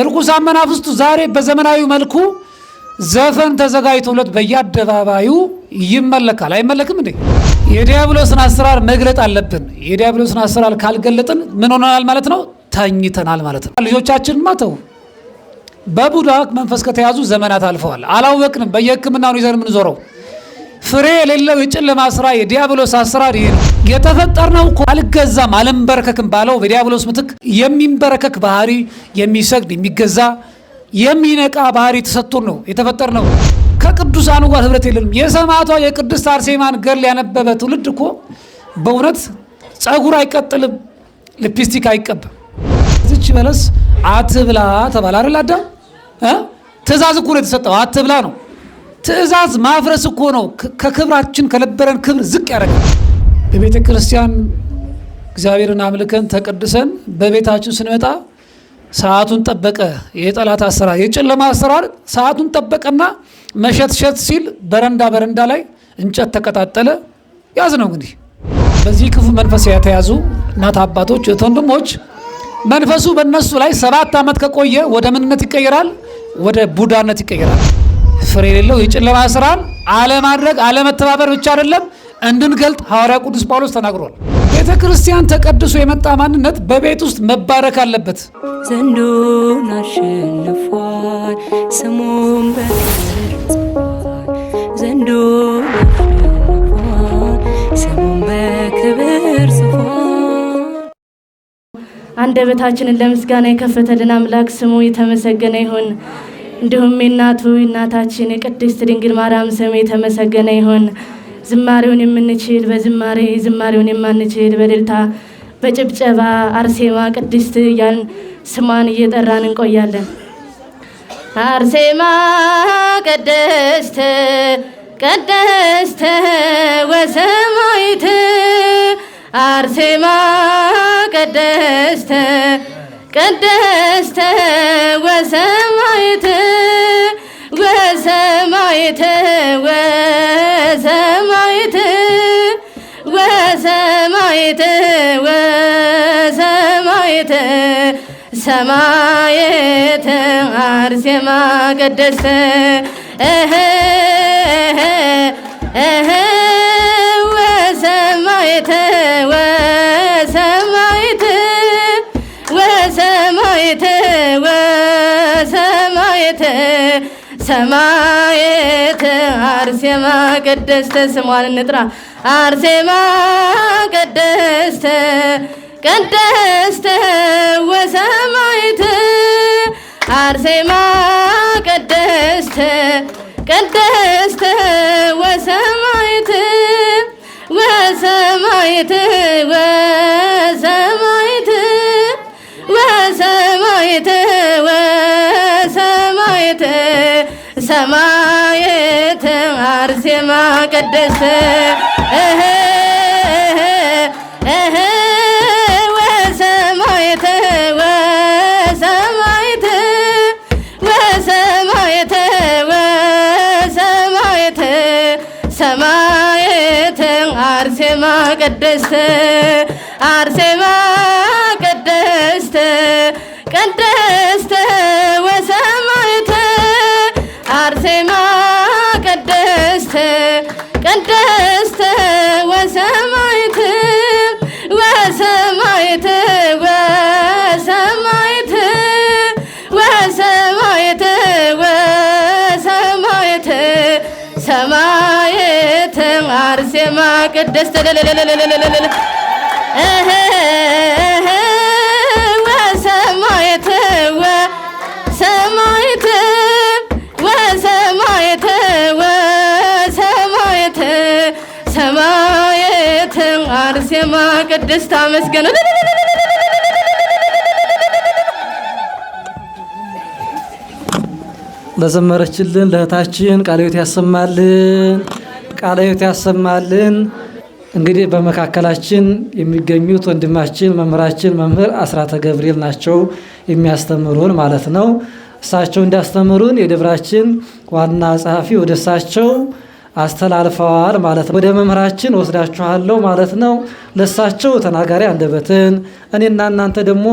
እርኩሳን መናፍስቱ ዛሬ በዘመናዊ መልኩ ዘፈን ተዘጋጅቶለት በየአደባባዩ ይመለካል። አይመለክም እንዴ? የዲያብሎስን አሰራር መግለጥ አለብን። የዲያብሎስን አሰራር ካልገለጥን ምን ሆነናል ማለት ነው? ተኝተናል ማለት ነው። ልጆቻችን ማተው በቡዳ መንፈስ ከተያዙ ዘመናት አልፈዋል። አላወቅንም። በየህክምና ይዘን የምንዞረው። ፍሬ የሌለው የጨለማ ስራ የዲያብሎስ አሰራር ይሄ ነው። የተፈጠርነው እኮ አልገዛም አልንበረከክም ባለው በዲያብሎስ ምትክ የሚንበረከክ ባህሪ የሚሰግድ የሚገዛ የሚነቃ ባህሪ ተሰጥቶን ነው የተፈጠርነው። ከቅዱሳኑ ጋር ህብረት የለንም። የሰማዕቷ የቅድስት አርሴማን ገድል ያነበበ ትውልድ እኮ በእውነት ጸጉር አይቀጥልም፣ ልፕስቲክ አይቀብም። እዚች በለስ አትብላ ተባለ አይደል? አዳም ትእዛዝ እኮ ነው የተሰጠው፣ አትብላ ነው ትእዛዝ። ማፍረስ እኮ ነው ከክብራችን ከነበረን ክብር ዝቅ ያደረገ በቤተ ክርስቲያን እግዚአብሔርን አምልከን ተቀድሰን በቤታችን ስንመጣ ሰዓቱን ጠበቀ። የጠላት አሰራር፣ የጨለማ አሰራር ሰዓቱን ጠበቀና መሸትሸት ሲል በረንዳ በረንዳ ላይ እንጨት ተቀጣጠለ። ያዝ ነው እንግዲህ። በዚህ ክፉ መንፈስ የተያዙ እናት አባቶች፣ ወንድሞች መንፈሱ በእነሱ ላይ ሰባት ዓመት ከቆየ ወደ ምንነት ይቀየራል? ወደ ቡዳነት ይቀየራል። ፍሬ የሌለው የጨለማ ስራን አለማድረግ፣ አለመተባበር ብቻ አይደለም እንድንገልጥ ሐዋርያ ቅዱስ ጳውሎስ ተናግሯል። ቤተ ክርስቲያን ተቀድሶ የመጣ ማንነት በቤት ውስጥ መባረክ አለበት። ዘንዶን አሸንፏል፣ ስሙም በክብር አንደበታችንን ለምስጋና የከፈተልን አምላክ ስሙ የተመሰገነ ይሁን። እንዲሁም የእናቱ እናታችን የቅድስት ድንግል ማርያም ስም የተመሰገነ ይሁን። ዝማሬውን የምንችል በዝማሬ ዝማሬውን የማንችል በደልታ በጭብጨባ አርሴማ ቅድስት እያልን ስሟን እየጠራን እንቆያለን። አርሴማ ቅድስት ቅድስት ወሰማይት አርሴማ ቅድስት ቅድስት ወሰማይት ወሰማይት ሰማይት ወሰማይት ሰማየት አርሴማ ቅድስት ወሰማይት ሰማየት አርሴማ ቅድስተ ስሟን እንጥራ። አርሴማ ቅድስተ ቅድስተ ወሰማየት አርሴማ ቅድስተ ቅድስተ ወሰማየት ወሰማየት ከተማ ቀደሰ ወሰማየተ አርሴማ አርሴ ከተማ ቅድስት ወሰማየት ወሰማየት ወሰማየት ወሰማየት ሰማየት አርሴማ ቅድስት አመስገኑ ለዘመረችልን ለእህታችን ቃለ ሕይወት ያሰማልን። ቃለ ሕይወት ያሰማልን። እንግዲህ በመካከላችን የሚገኙት ወንድማችን መምህራችን መምህር አስራተ ገብርኤል ናቸው የሚያስተምሩን ማለት ነው። እሳቸው እንዲያስተምሩን የደብራችን ዋና ጸሐፊ ወደ እሳቸው አስተላልፈዋል ማለት ነው። ወደ መምህራችን ወስዳችኋለሁ ማለት ነው። ለእሳቸው ተናጋሪ አንደበትን እኔና እናንተ ደግሞ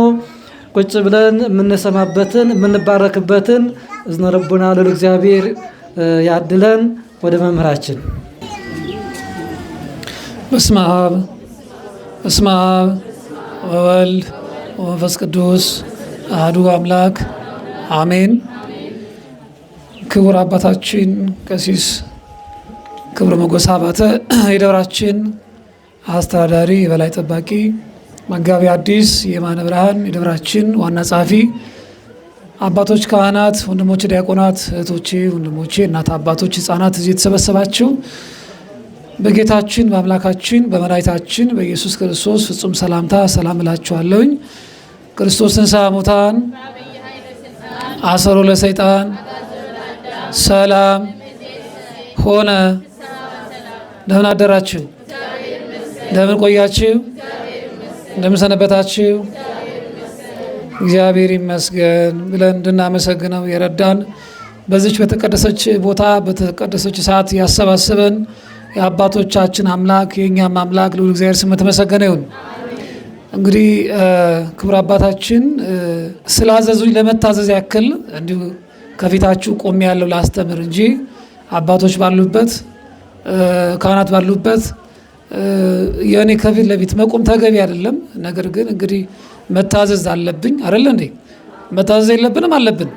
ቁጭ ብለን የምንሰማበትን የምንባረክበትን እዝነ ልቡና እግዚአብሔር ያድለን። ወደ መምህራችን በስመ አብ በስመ አብ ወወልድ ወመንፈስ ቅዱስ አህዱ አምላክ አሜን። ክቡር አባታችን ቀሲስ ክቡር መጎሳ አባተ የደብራችን አስተዳዳሪ፣ የበላይ ጠባቂ፣ መጋቢ አዲስ የማነ ብርሃን የደብራችን ዋና ጸሐፊ፣ አባቶች ካህናት፣ ወንድሞቼ ዲያቆናት፣ እህቶቼ፣ ወንድሞቼ፣ እናት አባቶች፣ ህፃናት እዚህ የተሰበሰባችሁ በጌታችን በአምላካችን በመድኃኒታችን በኢየሱስ ክርስቶስ ፍጹም ሰላምታ ሰላም እላችኋለሁኝ። ክርስቶስ ሳሙታን አሰሮ ለሰይጣን ሰላም ሆነ። እንደምን አደራችሁ? እንደምን ቆያችሁ? እንደምን ሰነበታችሁ? እግዚአብሔር ይመስገን ብለን እንድናመሰግነው የረዳን በዚች በተቀደሰች ቦታ በተቀደሰች ሰዓት ያሰባስበን የአባቶቻችን አምላክ የእኛም አምላክ ልዑል እግዚአብሔር ስም የተመሰገነ ይሁን። እንግዲህ ክቡር አባታችን ስላዘዙኝ ለመታዘዝ ያክል እንዲሁ ከፊታችሁ ቆሜ ያለው ላስተምር እንጂ አባቶች ባሉበት ካህናት ባሉበት የእኔ ከፊት ለፊት መቆም ተገቢ አይደለም። ነገር ግን እንግዲህ መታዘዝ አለብኝ አይደለ እንዴ? መታዘዝ የለብንም አለብን።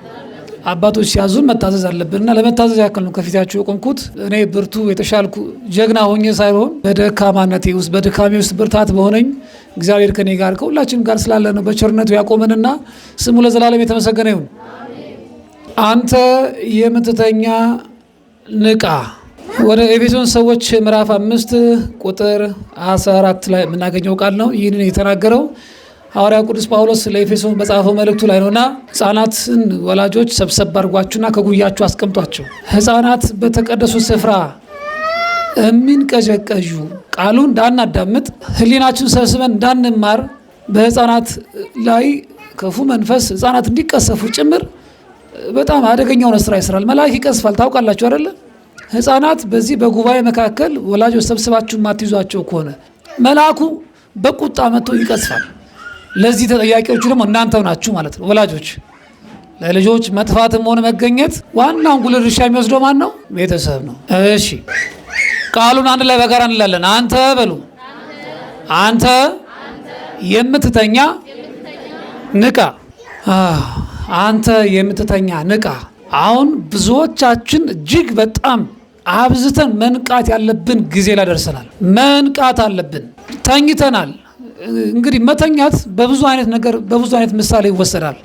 አባቶች ሲያዙን መታዘዝ እና ለመታዘዝ ያክል ነው ከፊታቸው የቆምኩት። እኔ ብርቱ የተሻልኩ ጀግና ሆኜ ሳይሆን በደካማነቴ ውስጥ በድካሜ ውስጥ ብርታት በሆነኝ እግዚአብሔር ከኔ ጋር ከሁላችንም ጋር ስላለ ነው በቸርነቱ ያቆመንና ስሙ ለዘላለም የተመሰገነ ይሁን። አንተ የምትተኛ ንቃ። ወደ ኤፌሶን ሰዎች ምዕራፍ አምስት ቁጥር አስራ አራት ላይ የምናገኘው ቃል ነው ይህንን የተናገረው ሐዋርያ ቅዱስ ጳውሎስ ለኤፌሶን በጻፈው መልእክቱ ላይ ነውና ህጻናትን ወላጆች ሰብሰብ አድርጓችሁና ከጉያችሁ አስቀምጧቸው። ህጻናት በተቀደሱ ስፍራ እሚንቀዠቀዡ ቃሉን እንዳናዳምጥ ህሊናችን ሰብስበን እንዳንማር በህፃናት ላይ ክፉ መንፈስ ህፃናት እንዲቀሰፉ ጭምር በጣም አደገኛ ሆነ ስራ ይስራል። መልአክ ይቀስፋል። ታውቃላችሁ አደለ? ህፃናት በዚህ በጉባኤ መካከል ወላጆች ሰብስባችሁ ማትይዟቸው ከሆነ መልአኩ በቁጣ መጥቶ ይቀስፋል። ለዚህ ተጠያቂዎቹ ደግሞ እናንተው ናችሁ ማለት ነው ወላጆች። ለልጆች መጥፋትም ሆነ መገኘት ዋናውን ጉልህ ድርሻ የሚወስደው ማን ነው? ቤተሰብ ነው። እሺ ቃሉን አንድ ላይ በጋራ እንላለን። አንተ በሉ አንተ የምትተኛ ንቃ። አንተ የምትተኛ ንቃ። አሁን ብዙዎቻችን እጅግ በጣም አብዝተን መንቃት ያለብን ጊዜ ላይ ደርሰናል። መንቃት አለብን። ተኝተናል። እንግዲህ መተኛት በብዙ አይነት ነገር በብዙ አይነት ምሳሌ ይወሰዳል።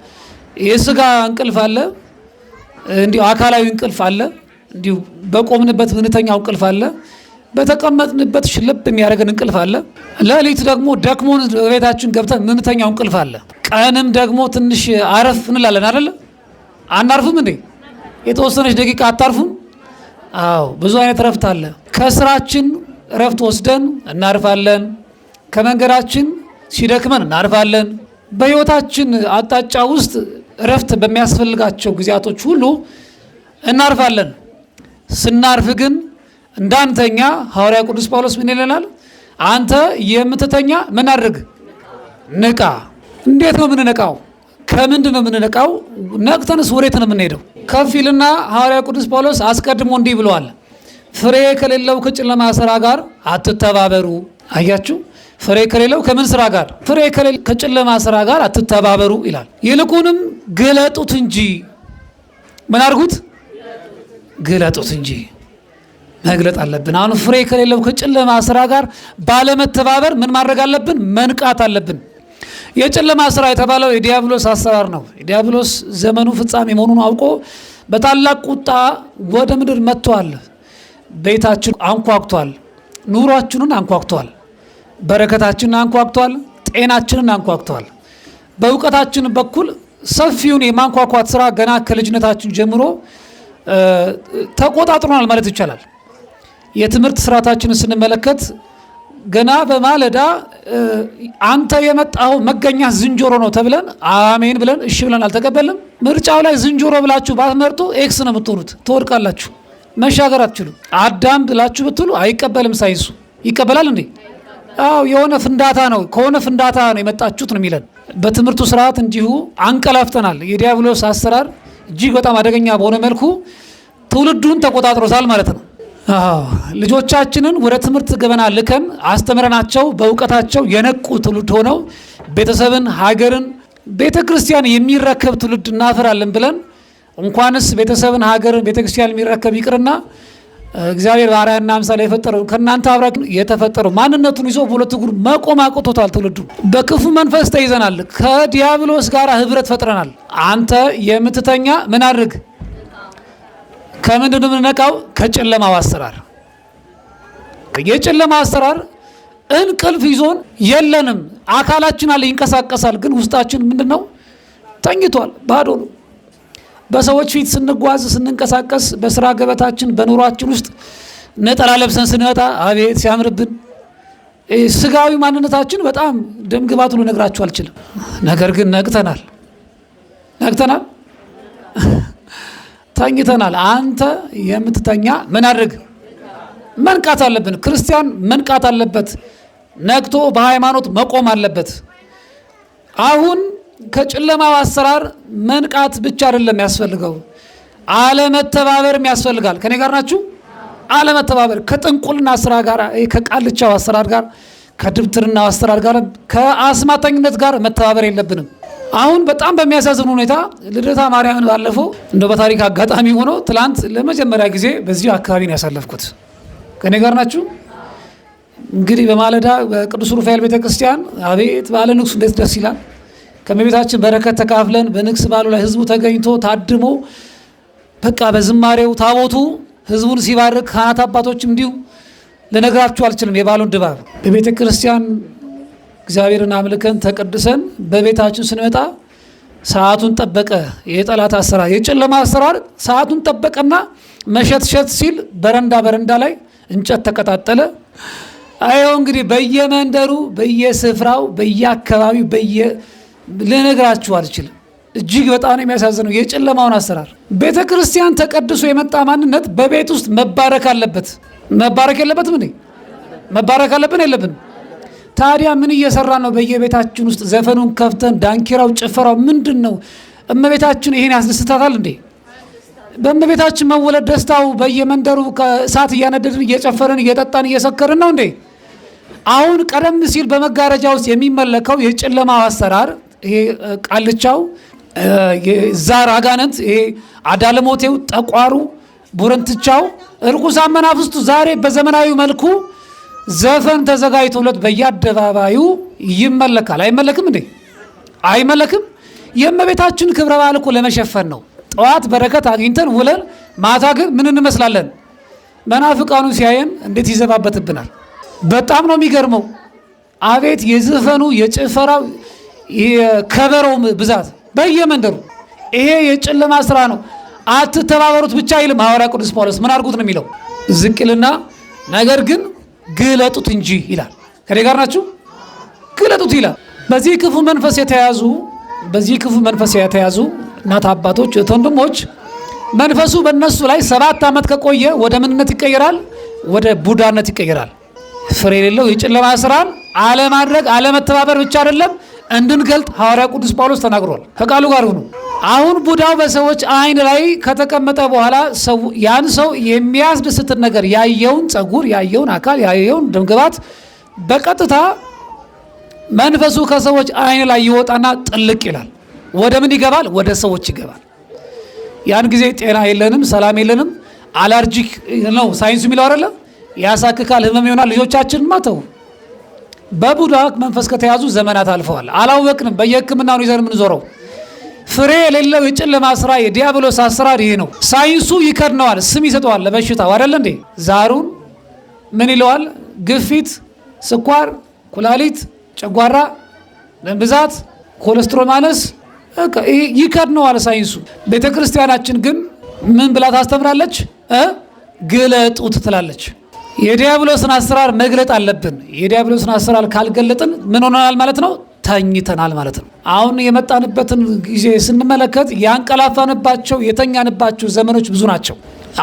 የስጋ እንቅልፍ አለ፣ እንዲሁ አካላዊ እንቅልፍ አለ፣ እንዲሁ በቆምንበት ምንተኛው እንቅልፍ አለ፣ በተቀመጥንበት ሽልብ የሚያደርገን እንቅልፍ አለ። ለሊት ደግሞ ደክሞን ቤታችን ገብተን ምንተኛው እንቅልፍ አለ። ቀንም ደግሞ ትንሽ አረፍ እንላለን አይደለ? አናርፍም እንዴ? የተወሰነች ደቂቃ አታርፉም? አዎ፣ ብዙ አይነት እረፍት አለ። ከስራችን እረፍት ወስደን እናርፋለን። ከመንገዳችን ሲደክመን እናርፋለን። በሕይወታችን አቅጣጫ ውስጥ እረፍት በሚያስፈልጋቸው ጊዜያቶች ሁሉ እናርፋለን። ስናርፍ ግን እንዳንተኛ ሐዋርያ ቅዱስ ጳውሎስ ምን ይለናል? አንተ የምትተኛ ምን አድርግ ንቃ። እንዴት ነው የምንነቃው? ከምንድን ነው የምንነቃው? ነቅተንስ ወዴት ነው የምንሄደው? ከፍ ይልና ሐዋርያ ቅዱስ ጳውሎስ አስቀድሞ እንዲህ ብለዋል፣ ፍሬ ከሌለው ከጨለማ ስራ ጋር አትተባበሩ። አያችሁ ፍሬ ከሌለው ከምን ስራ ጋር? ፍሬ ከሌለው ከጨለማ ስራ ጋር አትተባበሩ ይላል። ይልቁንም ግለጡት እንጂ ምን አድርጉት? ግለጡት እንጂ መግለጥ አለብን። አሁን ፍሬ ከሌለው ከጨለማ ስራ ጋር ባለመተባበር ምን ማድረግ አለብን? መንቃት አለብን። የጨለማ ስራ የተባለው የዲያብሎስ አሰራር ነው። የዲያብሎስ ዘመኑ ፍጻሜ መሆኑን አውቆ በታላቅ ቁጣ ወደ ምድር መጥቷል። ቤታችን አንኳኩቷል። ኑሯችንን አንኳኩቷል። በረከታችንን አንኳኩቷል። ጤናችንን አንኳኩቷል። በእውቀታችን በኩል ሰፊውን የማንኳኳት ስራ ገና ከልጅነታችን ጀምሮ ተቆጣጥሮናል ማለት ይቻላል። የትምህርት ስርዓታችንን ስንመለከት ገና በማለዳ አንተ የመጣው መገኛ ዝንጀሮ ነው ተብለን አሜን ብለን እሺ ብለን አልተቀበልም። ምርጫው ላይ ዝንጀሮ ብላችሁ ባትመርጡ ኤክስ ነው የምትሆኑት፣ ትወድቃላችሁ፣ መሻገር አትችሉ። አዳም ብላችሁ ብትሉ አይቀበልም ሳይንሱ። ይቀበላል እንዴ? አው የሆነ ፍንዳታ ነው ከሆነ ፍንዳታ ነው የመጣችሁት ነው የሚለን። በትምህርቱ ስርዓት እንዲሁ አንቀላፍተናል። የዲያብሎስ አሰራር እጅግ በጣም አደገኛ በሆነ መልኩ ትውልዱን ተቆጣጥሮታል ማለት ነው። ልጆቻችንን ወደ ትምህርት ገበና ልከን አስተምረናቸው በእውቀታቸው የነቁ ትውልድ ሆነው ቤተሰብን፣ ሀገርን፣ ቤተ ክርስቲያን የሚረከብ ትውልድ እናፈራለን ብለን እንኳንስ ቤተሰብን፣ ሀገርን፣ ቤተክርስቲያን የሚረከብ ይቅርና እግዚአብሔር በአርአያና ምሳሌ የፈጠረው ከእናንተ አብራክ የተፈጠረው ማንነቱን ይዞ በሁለት እግሩ መቆም አቅቶታል። ትውልዱ በክፉ መንፈስ ተይዘናል። ከዲያብሎስ ጋር ህብረት ፈጥረናል። አንተ የምትተኛ ምን አድርግ? ከምንድን የምንነቃው? ከጨለማው አሰራር። የጨለማ አሰራር እንቅልፍ ይዞን የለንም። አካላችን አለ ይንቀሳቀሳል፣ ግን ውስጣችን ምንድን ነው? ተኝቷል፣ ባዶ ነው። በሰዎች ፊት ስንጓዝ ስንንቀሳቀስ፣ በስራ ገበታችን፣ በኑሯችን ውስጥ ነጠላ ለብሰን ስንመጣ አቤት ሲያምርብን። ስጋዊ ማንነታችን በጣም ደምግባት ሁሉ ነግራችሁ አልችልም። ነገር ግን ነቅተናል፣ ነቅተናል፣ ተኝተናል። አንተ የምትተኛ ምን አድርግ፣ መንቃት አለብን። ክርስቲያን መንቃት አለበት፣ ነቅቶ በሃይማኖት መቆም አለበት። አሁን ከጨለማው አሰራር መንቃት ብቻ አይደለም ያስፈልገው፣ አለመተባበርም ያስፈልጋል። ከኔ ጋር ናችሁ? አለመተባበር ከጥንቁልና ስራ ጋር፣ ከቃልቻው አሰራር ጋር፣ ከድብትርናው አሰራር ጋር፣ ከአስማተኝነት ጋር መተባበር የለብንም። አሁን በጣም በሚያሳዝን ሁኔታ ልደታ ማርያምን ባለፈው እንደ በታሪክ አጋጣሚ ሆኖ ትላንት ለመጀመሪያ ጊዜ በዚሁ አካባቢ ነው ያሳለፍኩት። ከኔ ጋር ናችሁ? እንግዲህ በማለዳ በቅዱስ ሩፋኤል ቤተክርስቲያን አቤት ባለ ንጉስ እንዴት ደስ ይላል! ከእመቤታችን በረከት ተካፍለን በንግስ በዓሉ ላይ ህዝቡ ተገኝቶ ታድሞ በቃ በዝማሬው ታቦቱ ህዝቡን ሲባርክ ካህናት አባቶችም እንዲሁ ልነግራችሁ አልችልም የበዓሉን ድባብ። በቤተ ክርስቲያን እግዚአብሔርን አምልከን ተቀድሰን በቤታችን ስንመጣ ሰዓቱን ጠበቀ። የጠላት አሰራር የጨለማ አሰራር ሰዓቱን ጠበቀና መሸትሸት ሲል በረንዳ በረንዳ ላይ እንጨት ተቀጣጠለ። አየው እንግዲህ በየመንደሩ በየስፍራው በየአካባቢው በየ ልነግራችሁ አልችልም። እጅግ በጣም የሚያሳዝነው የጨለማውን አሰራር። ቤተ ክርስቲያን ተቀድሶ የመጣ ማንነት በቤት ውስጥ መባረክ አለበት። መባረክ የለበትም እንዴ? መባረክ አለብን የለብንም? ታዲያ ምን እየሰራ ነው? በየቤታችን ውስጥ ዘፈኑን ከፍተን ዳንኪራው፣ ጭፈራው ምንድን ነው? እመቤታችን ይሄን ያስደስታታል እንዴ? በእመቤታችን መወለድ ደስታው በየመንደሩ ከእሳት እያነደድን እየጨፈርን እየጠጣን እየሰከርን ነው እንዴ? አሁን ቀደም ሲል በመጋረጃ ውስጥ የሚመለከው የጨለማው አሰራር ይሄ ቃልቻው፣ ዛር አጋነት ይሄ አዳለሞቴው፣ ጠቋሩ፣ ቡረንትቻው፣ እርኩሳን መናፍስቱ ዛሬ በዘመናዊ መልኩ ዘፈን ተዘጋጅቶለት በየአደባባዩ ይመለካል። አይመለክም እንዴ? አይመለክም። የእመቤታችን ክብረ በዓል እኮ ለመሸፈን ነው። ጠዋት በረከት አግኝተን ውለን ማታ ግን ምን እንመስላለን? መናፍቃኑ ሲያየን እንዴት ይዘባበትብናል። በጣም ነው የሚገርመው። አቤት የዘፈኑ የጭፈራው ከበሮው ብዛት በየመንደሩ ይሄ የጨለማ ስራ ነው፣ አትተባበሩት ብቻ አይልም ሐዋርያ ቅዱስ ጳውሎስ። ምን አድርጉት ነው የሚለው? ዝቅ ይልና ነገር ግን ግለጡት እንጂ ይላል። ከኔ ጋር ናችሁ? ግለጡት ይላል። በዚህ ክፉ መንፈስ የተያዙ በዚህ ክፉ መንፈስ የተያዙ እናት አባቶች፣ ወንድሞች መንፈሱ በእነሱ ላይ ሰባት ዓመት ከቆየ ወደ ምንነት ይቀየራል? ወደ ቡዳነት ይቀየራል። ፍሬ የሌለው የጨለማ ስራን አለማድረግ አለመተባበር ብቻ አይደለም እንድንገልጥ ሐዋርያ ቅዱስ ጳውሎስ ተናግሯል። ከቃሉ ጋር ሁኑ አሁን ቡዳው በሰዎች አይን ላይ ከተቀመጠ በኋላ ያን ሰው የሚያስደስትን ነገር ያየውን ጸጉር፣ ያየውን አካል፣ ያየውን ድምግባት በቀጥታ መንፈሱ ከሰዎች አይን ላይ ይወጣና ጥልቅ ይላል። ወደ ምን ይገባል? ወደ ሰዎች ይገባል። ያን ጊዜ ጤና የለንም፣ ሰላም የለንም። አለርጂክ ነው ሳይንሱ የሚለው አይደለም። ያሳክካል፣ ህመም ይሆናል። ልጆቻችን ማተው በቡዳክ መንፈስ ከተያዙ ዘመናት አልፈዋል። አላወቅንም። በየህክምናው ይዘን የምንዞረው ፍሬ የሌለው የጨለማ ስራ የዲያብሎስ አሰራር ይሄ ነው። ሳይንሱ ይከድነዋል፣ ስም ይሰጠዋል ለበሽታው አይደለ እንዴ? ዛሩን ምን ይለዋል? ግፊት፣ ስኳር፣ ኩላሊት፣ ጨጓራ፣ ደም ብዛት፣ ኮሌስትሮል ማነስ ይከድነዋል ሳይንሱ። ቤተ ክርስቲያናችን ግን ምን ብላ ታስተምራለች? ግለጡት ትላለች። የዲያብሎስን አሰራር መግለጥ አለብን። የዲያብሎስን አሰራር ካልገለጥን ምን ሆነናል ማለት ነው? ተኝተናል ማለት ነው። አሁን የመጣንበትን ጊዜ ስንመለከት ያንቀላፋንባቸው የተኛንባቸው ዘመኖች ብዙ ናቸው።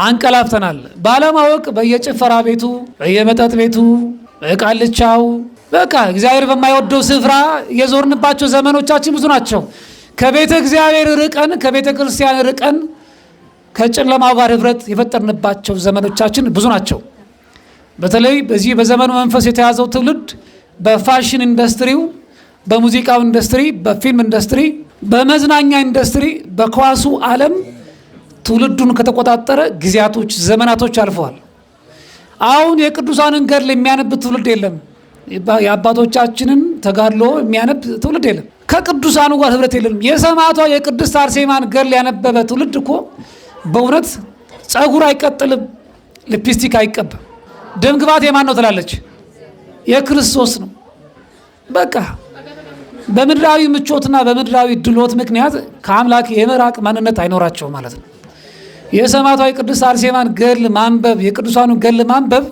አንቀላፍተናል። ባለማወቅ በየጭፈራ ቤቱ፣ በየመጠጥ ቤቱ፣ በቃልቻው በቃ እግዚአብሔር በማይወደው ስፍራ የዞርንባቸው ዘመኖቻችን ብዙ ናቸው። ከቤተ እግዚአብሔር ርቀን ከቤተ ክርስቲያን ርቀን ከጨለማው ጋር ህብረት የፈጠርንባቸው ዘመኖቻችን ብዙ ናቸው። በተለይ በዚህ በዘመኑ መንፈስ የተያዘው ትውልድ በፋሽን ኢንዱስትሪው፣ በሙዚቃው ኢንዱስትሪ፣ በፊልም ኢንዱስትሪ፣ በመዝናኛ ኢንዱስትሪ፣ በኳሱ ዓለም ትውልዱን ከተቆጣጠረ ጊዜያቶች፣ ዘመናቶች አልፈዋል። አሁን የቅዱሳንን ገድል የሚያነብ ትውልድ የለም። የአባቶቻችንን ተጋድሎ የሚያነብ ትውልድ የለም። ከቅዱሳኑ ጋር ህብረት የለንም። የሰማዕቷ የቅድስት አርሴማን ገድል ያነበበ ትውልድ እኮ በእውነት ጸጉር አይቀጥልም፣ ልፕስቲክ አይቀባም። ደም ግባት የማን ነው ትላለች? የክርስቶስ ነው። በቃ በምድራዊ ምቾትና በምድራዊ ድሎት ምክንያት ከአምላክ የመራቅ ማንነት አይኖራቸው ማለት ነው። የሰማዕቷ ቅድስት አርሴማን ገል ማንበብ፣ የቅዱሳኑ ገል ማንበብ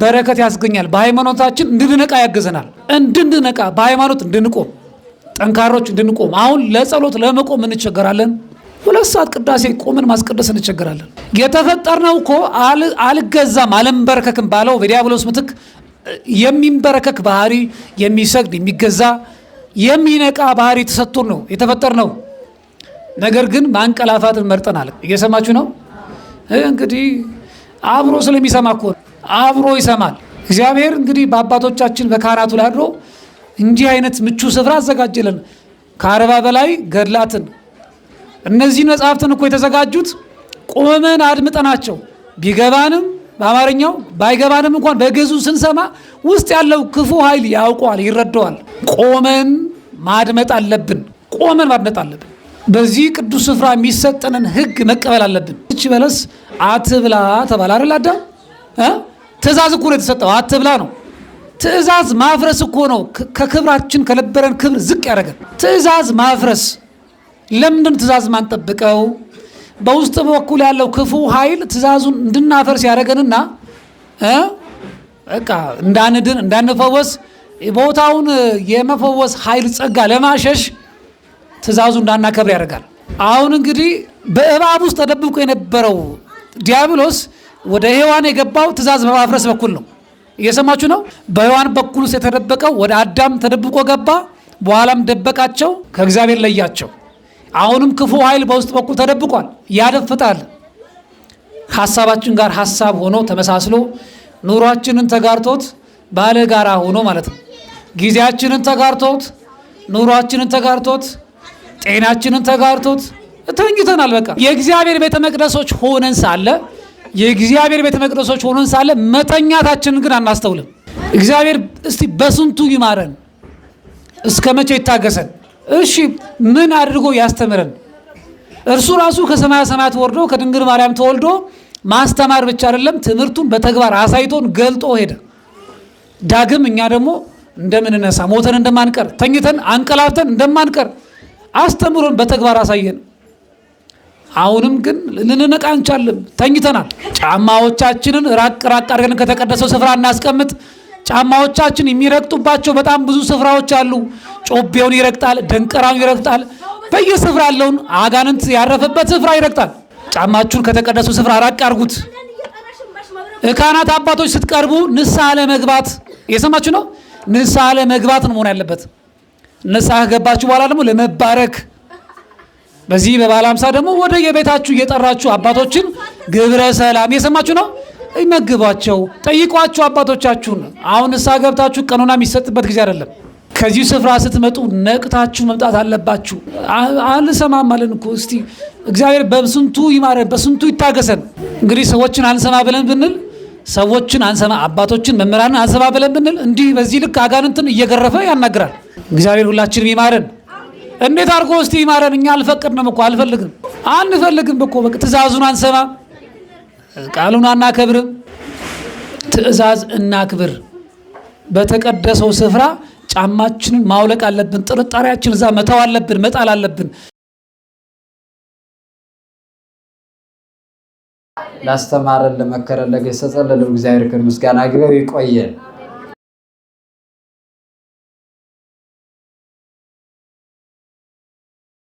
በረከት ያስገኛል። በሃይማኖታችን እንድንነቃ ያገዘናል። እንድንነቃ በሃይማኖት እንድንቆም ጠንካሮች እንድንቆም አሁን ለጸሎት ለመቆም እንቸገራለን። ሁለት ሰዓት ቅዳሴ ቆመን ማስቀደስ እንቸገራለን። የተፈጠርነው እኮ አልገዛም አልንበረከክም ባለው በዲያብሎስ ምትክ የሚንበረከክ ባህሪ የሚሰግድ የሚገዛ የሚነቃ ባህሪ ተሰጥቶን ነው የተፈጠርነው። ነገር ግን ማንቀላፋትን መርጠናል። እየሰማችሁ ነው እንግዲህ አብሮ ስለሚሰማ እኮ አብሮ ይሰማል። እግዚአብሔር እንግዲህ በአባቶቻችን በካህናቱ ላይ አድሮ እንዲህ አይነት ምቹ ስፍራ አዘጋጀለን ከአርባ በላይ ገድላትን እነዚህ መጽሐፍትን እኮ የተዘጋጁት ቆመን አድምጠናቸው ቢገባንም በአማርኛው ባይገባንም እንኳን በግዕዙ ስንሰማ ውስጥ ያለው ክፉ ኃይል ያውቀዋል፣ ይረደዋል ቆመን ማድመጥ አለብን። ቆመን ማድመጥ አለብን። በዚህ ቅዱስ ስፍራ የሚሰጠንን ሕግ መቀበል አለብን። እች በለስ አትብላ ተባለ አይደል? አዳም ትእዛዝ እኮ ነው የተሰጠው፣ አትብላ ነው። ትእዛዝ ማፍረስ እኮ ነው ከክብራችን ከነበረን ክብር ዝቅ ያደረገን ትእዛዝ ማፍረስ ለምንድን ትእዛዝ ማንጠብቀው? በውስጥ በኩል ያለው ክፉ ኃይል ትእዛዙን እንድናፈርስ ያደረገንና በቃ እንዳንድን እንዳንፈወስ ቦታውን የመፈወስ ኃይል ጸጋ ለማሸሽ ትእዛዙ እንዳናከብር ያደርጋል። አሁን እንግዲህ በእባብ ውስጥ ተደብቆ የነበረው ዲያብሎስ ወደ ሔዋን የገባው ትእዛዝ በማፍረስ በኩል ነው። እየሰማችሁ ነው። በሔዋን በኩል ውስጥ የተደበቀው ወደ አዳም ተደብቆ ገባ። በኋላም ደበቃቸው፣ ከእግዚአብሔር ለያቸው። አሁንም ክፉ ኃይል በውስጥ በኩል ተደብቋል፣ ያደፍጣል። ከሀሳባችን ጋር ሀሳብ ሆኖ ተመሳስሎ ኑሯችንን ተጋርቶት ባለ ጋራ ሆኖ ማለት ነው። ጊዜያችንን ተጋርቶት፣ ኑሯችንን ተጋርቶት፣ ጤናችንን ተጋርቶት ተኝተናል። በቃ የእግዚአብሔር ቤተ መቅደሶች ሆነን ሳለ የእግዚአብሔር ቤተ መቅደሶች ሆነን ሳለ መተኛታችንን ግን አናስተውልም። እግዚአብሔር እስቲ በስንቱ ይማረን፣ እስከ መቼ ይታገሰን? እሺ ምን አድርጎ ያስተምረን? እርሱ ራሱ ከሰማያ ሰማያት ወርዶ ከድንግል ማርያም ተወልዶ ማስተማር ብቻ አይደለም፣ ትምህርቱን በተግባር አሳይቶን ገልጦ ሄደ። ዳግም እኛ ደግሞ እንደምንነሳ ሞተን እንደማንቀር ተኝተን አንቀላፍተን እንደማንቀር አስተምሮን በተግባር አሳየን። አሁንም ግን ልንነቃ አንቻልም፣ ተኝተናል። ጫማዎቻችንን ራቅ ራቅ አድርገን ከተቀደሰው ስፍራ እናስቀምጥ። ጫማዎቻችን የሚረግጡባቸው በጣም ብዙ ስፍራዎች አሉ። ጮቤውን ይረግጣል፣ ደንቀራውን ይረግጣል፣ በየስፍራ ያለውን አጋንንት ያረፈበት ስፍራ ይረግጣል። ጫማችሁን ከተቀደሱ ስፍራ ራቅ አርጉት። ካህናት አባቶች ስትቀርቡ ንስሐ ለመግባት የሰማችሁ ነው። ንስሐ ለመግባት ነው መሆን ያለበት። ንስሐ ገባችሁ በኋላ ደግሞ ለመባረክ በዚህ በባለ አምሳ ደግሞ ወደ የቤታችሁ እየጠራችሁ አባቶችን ግብረ ሰላም የሰማችሁ ነው ይመግባቸው። ጠይቋቸው አባቶቻችሁን። አሁን እሳ ገብታችሁ ቀኖና የሚሰጥበት ጊዜ አይደለም። ከዚሁ ስፍራ ስትመጡ ነቅታችሁ መምጣት አለባችሁ። አልሰማም አለን እኮ እስቲ እግዚአብሔር በስንቱ ይማረን፣ በስንቱ ይታገሰን። እንግዲህ ሰዎችን አንሰማ ብለን ብንል ሰዎችን አንሰማ አባቶችን መምህራንን አንሰማ ብለን ብንል እንዲህ በዚህ ልክ አጋንንትን እየገረፈ ያናግራል። እግዚአብሔር ሁላችንም ይማረን። እንዴት አድርጎ እስቲ ይማረን። እኛ አልፈቅድንም እኮ አልፈልግም፣ አንፈልግም እኮ በቃ ትእዛዙን አንሰማ ቃሉን አናከብርም። ትእዛዝ እናክብር። በተቀደሰው ስፍራ ጫማችንን ማውለቅ አለብን። ጥርጣሬያችን እዛ መተው አለብን፣ መጣል አለብን። ላስተማረን፣ ለመከረን፣ ለገሰጸን ለልዑል እግዚአብሔር ምስጋና ግበው ይቆየን።